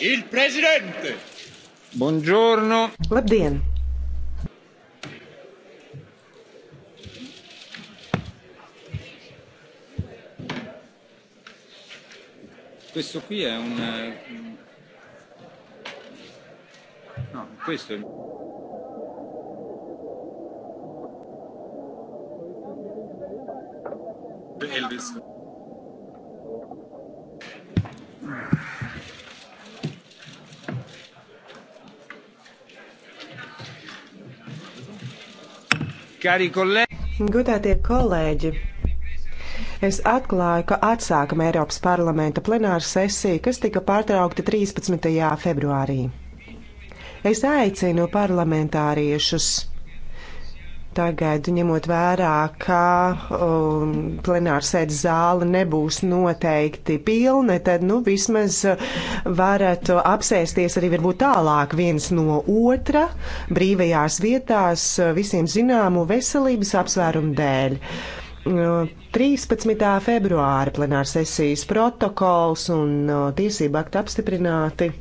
Il prezidente! Buongiorno! Labdien! Questo qui è un... Eh, no, questo è... Elvis. Gudētie kolēģi! Es atklāju, ka atsākam Eiropas parlamenta plenāru sesiju, kas tika pārtraukta 13. februārī. Es aicinu parlamentāriešus Tagad, ņemot vērā, ka um, plenārsēdes zāle nebūs noteikti pilna, tad nu, vismaz uh, varat apsēsties arī varbūt tālāk viens no otra brīvajās vietās uh, visiem zināmu veselības apsvērumu dēļ. 13. Uh, februāra plenārsesijas protokols un tiesību akti apstiprināti.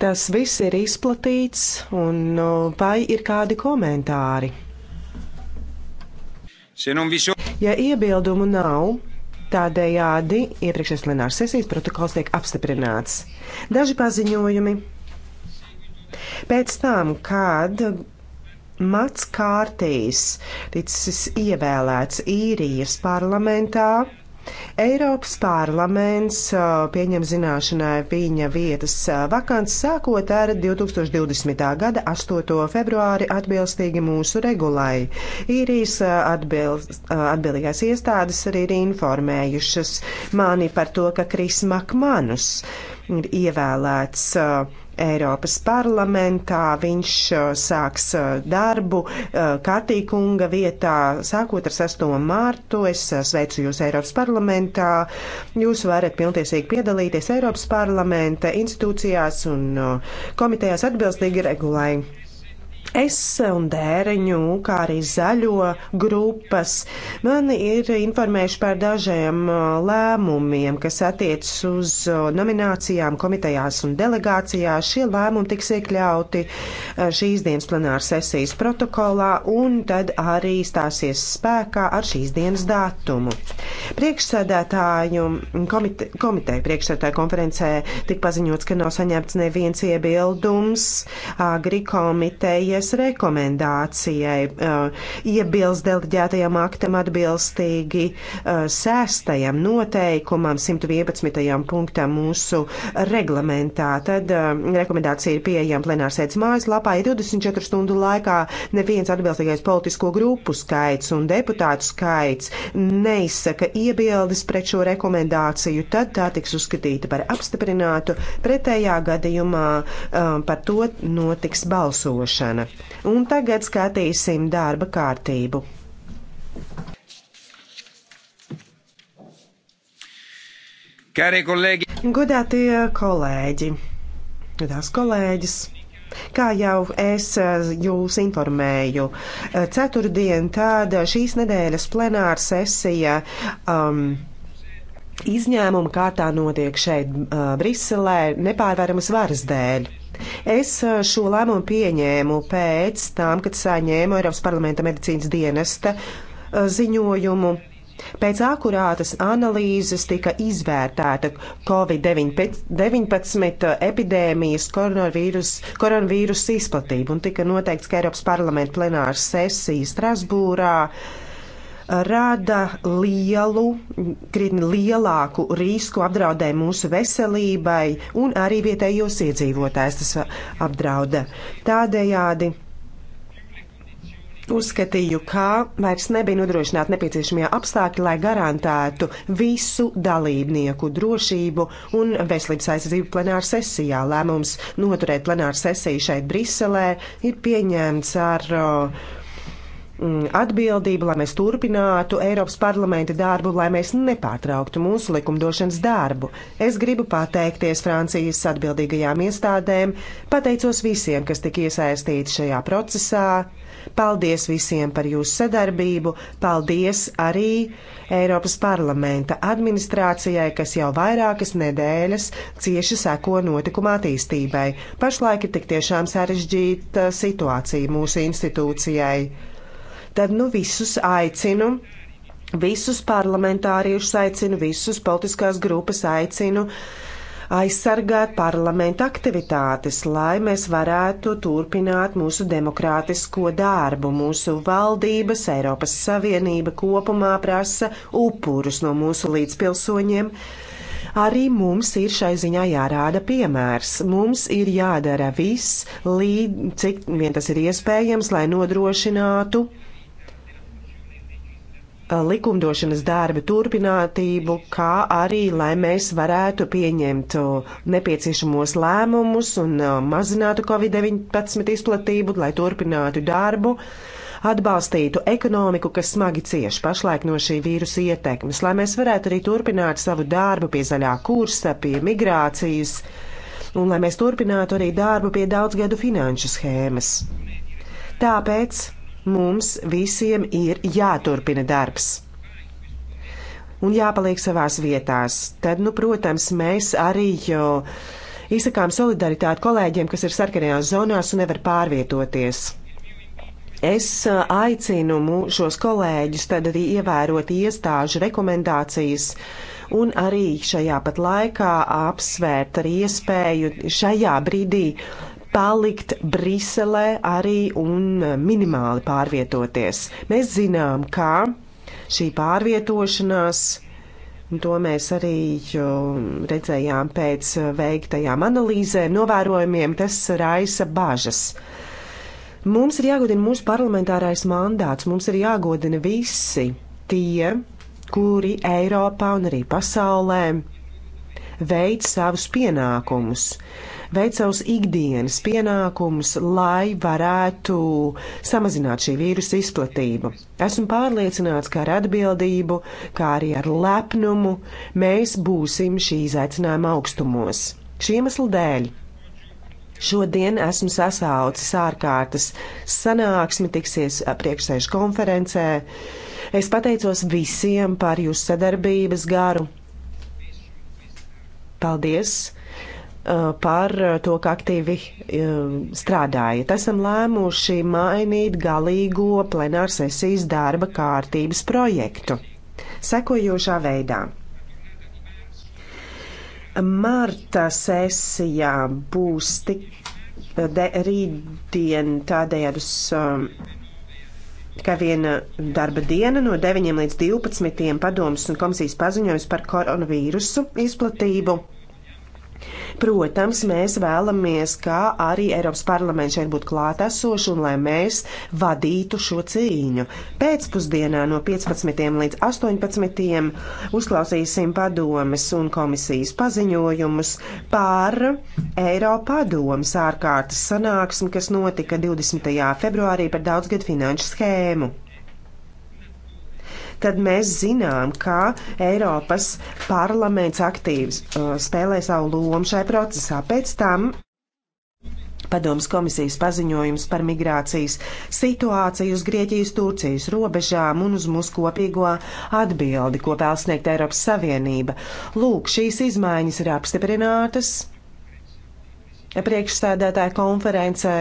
Tas viss ir izplatīts, un vai ir kādi komentāri? Ja iebildumu nav, tādējādi iepriekšējās plenāras sesijas protokols tiek apstiprināts. Daži paziņojumi. Pēc tam, kad Mats Kārtīs ticis ievēlēts īrijas parlamentā, Eiropas parlaments pieņem zināšanai viņa vietas vakants sākot ar 2020. gada 8. februāri atbilstīgi mūsu regulai. Īrijas atbilst, atbildīgās iestādes arī ir informējušas mani par to, ka Kris Makmanus ir ievēlēts uh, Eiropas parlamentā. Viņš uh, sāks uh, darbu uh, Katīkunga vietā sākot ar 6. mārtu. Es sveicu jūs Eiropas parlamentā. Jūs varat pilntiesīgi piedalīties Eiropas parlamenta institūcijās un komitejās atbilstīgi regulai. Es un dēriņu, kā arī zaļo grupas, mani ir informējuši par dažiem uh, lēmumiem, kas attiecas uz uh, nominācijām komitejās un delegācijās. Šie lēmumi tiks iekļauti uh, šīs dienas plenāra sesijas protokolā un tad arī stāsies spēkā ar šīs dienas datumu. Priekšsēdētāju komite, komiteja priekšsēdētāju konferencē tika paziņots, ka nav saņemts neviens iebildums. Agri komiteja pievērsušies rekomendācijai, uh, iebilst deleģētajam aktam atbilstīgi uh, sēstajam noteikumam, 111. punktam mūsu reglamentā. Tad uh, rekomendācija ir pieejama plenārsēdes mājaslapā, ir 24 stundu laikā neviens atbilstīgais politisko grupu skaits un deputātu skaits neizsaka iebildes pret šo rekomendāciju, tad tā tiks uzskatīta par apstiprinātu. Pretējā gadījumā um, par to notiks balsošana. Un tagad skatīsim darba kārtību. Godātie kolēģi, godās kolēģis! Kā jau es eh, jūs informēju, eh, ceturtdien tāda šīs nedēļas plenāra sesija. Um, izņēmuma kārtā notiek šeit, Briselē, nepārvaramas varas dēļ. Es šo lēmumu pieņēmu pēc tam, kad saņēmu Eiropas parlamenta medicīnas dienesta ziņojumu. Pēc akurātas analīzes tika izvērtēta Covid-19 epidēmijas koronavīrus, koronavīrus izplatība un tika noteikts, ka Eiropas parlamenta plenāras sesija Strasbūrā uh, rada lielu, krietni lielāku risku apdraudē mūsu veselībai un arī vietējos iedzīvotājs tas apdrauda. Tādējādi uzskatīju, ka vairs nebija nodrošināti nepieciešamie apstākļi, lai garantētu visu dalībnieku drošību un veselības aizsardzību plenāra sesijā. Lēmums noturēt plenāru sesiju šeit Briselē ir pieņemts ar uh, Mm, atbildību, lai mēs turpinātu Eiropas parlamenta darbu, lai mēs nepārtrauktu mūsu likumdošanas darbu. Es gribu pateikties Francijas atbildīgajām iestādēm, pateicos visiem, kas tika iesaistīti šajā procesā. Paldies visiem par jūsu sadarbību, paldies arī Eiropas parlamenta administrācijai, kas jau vairākas nedēļas cieši seko notikuma attīstībai. Pašlaik ir tik tiešām sarežģīta situācija mūsu institūcijai tad nu visus aicinu Visus parlamentāriešus aicinu, visus politiskās grupas aicinu aizsargāt parlamenta aktivitātes, lai mēs varētu turpināt mūsu demokrātisko darbu. Mūsu valdības, Eiropas Savienība kopumā prasa upurus no mūsu līdzpilsoņiem. Arī mums ir šai ziņā jārāda piemērs. Mums ir jādara viss, līdz, cik vien tas ir iespējams, lai nodrošinātu likumdošanas darba turpinātību, kā arī, lai mēs varētu pieņemt nepieciešamos lēmumus un mazinātu COVID-19 izplatību, lai turpinātu darbu, atbalstītu ekonomiku, kas smagi cieš pašlaik no šī vīrusa ietekmes, lai mēs varētu arī turpināt savu darbu pie zaļā kursa, pie migrācijas, un lai mēs turpinātu arī darbu pie daudzgadu finanšu schēmas. Tāpēc Mums visiem ir jāturpina darbs un jāpaliek savās vietās. Tad, nu, protams, mēs arī jau izsakām solidaritāti kolēģiem, kas ir sarkanajās zonās un nevar pārvietoties. Es aicinu šos kolēģus tad arī ievērot iestāžu rekomendācijas un arī šajā pat laikā apsvērt ar iespēju šajā brīdī palikt Briselē arī un minimāli pārvietoties. Mēs zinām, ka šī pārvietošanās. Un to mēs arī redzējām pēc veiktajām analīzēm, novērojumiem, tas raisa bažas. Mums ir jāgodina mūsu parlamentārais mandāts, mums ir jāgodina visi tie, kuri Eiropā un arī pasaulē veic savus pienākumus veic savus ikdienas pienākumus, lai varētu samazināt šī vīrusa izplatību. Esmu pārliecināts, ka ar atbildību, kā arī ar lepnumu mēs būsim šī izaicinājuma augstumos. Šī iemesla dēļ Šodien esmu sasaucis ārkārtas sanāksmi, tiksies priekšsēžu konferencē. Es pateicos visiem par jūsu sadarbības garu. Paldies! par to, ka aktīvi strādājat. Esam lēmuši mainīt galīgo plenāru sesijas darba kārtības projektu sekojošā veidā. Marta sesijā būs tik de, rītdien tādējādi uz. Um, Kā viena darba diena no 9 līdz 12 padomus un komisijas paziņojums par koronavīrusu izplatību Protams, mēs vēlamies, kā arī Eiropas parlaments šeit būtu klātesoši un lai mēs vadītu šo cīņu. Pēcpusdienā no 15. līdz 18. uzklausīsim padomes un komisijas paziņojumus par Eiropadomas ārkārtas sanāksmi, kas notika 20. februārī par daudzgad finanšu schēmu kad mēs zinām, kā Eiropas parlaments aktīvi uh, spēlē savu lomu šai procesā. Pēc tam Padomas komisijas paziņojums par migrācijas situāciju uz Grieķijas-Turcijas robežām un uz mūsu kopīgo atbildi, ko vēl sniegt Eiropas Savienība. Lūk, šīs izmaiņas ir apstiprinātas priekšsēdētāja konferencē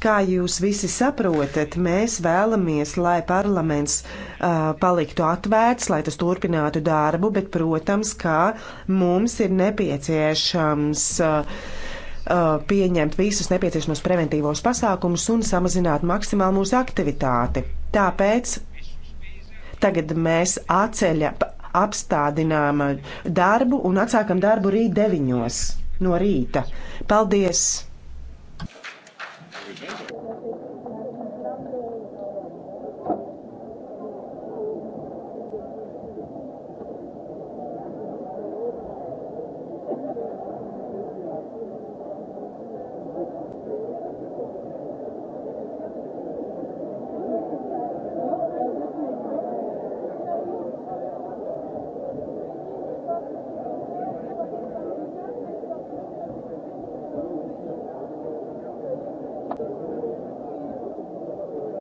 Kā jūs visi saprotat, mēs vēlamies, lai parlaments uh, paliktu atvērts, lai tas turpinātu darbu, bet, protams, kā mums ir nepieciešams uh, uh, pieņemt visus nepieciešamos preventīvos pasākumus un samazināt maksimāli mūsu aktivitāti. Tāpēc tagad mēs atceļa, apstādinām darbu un atsākam darbu rīt deviņos no rīta. Paldies!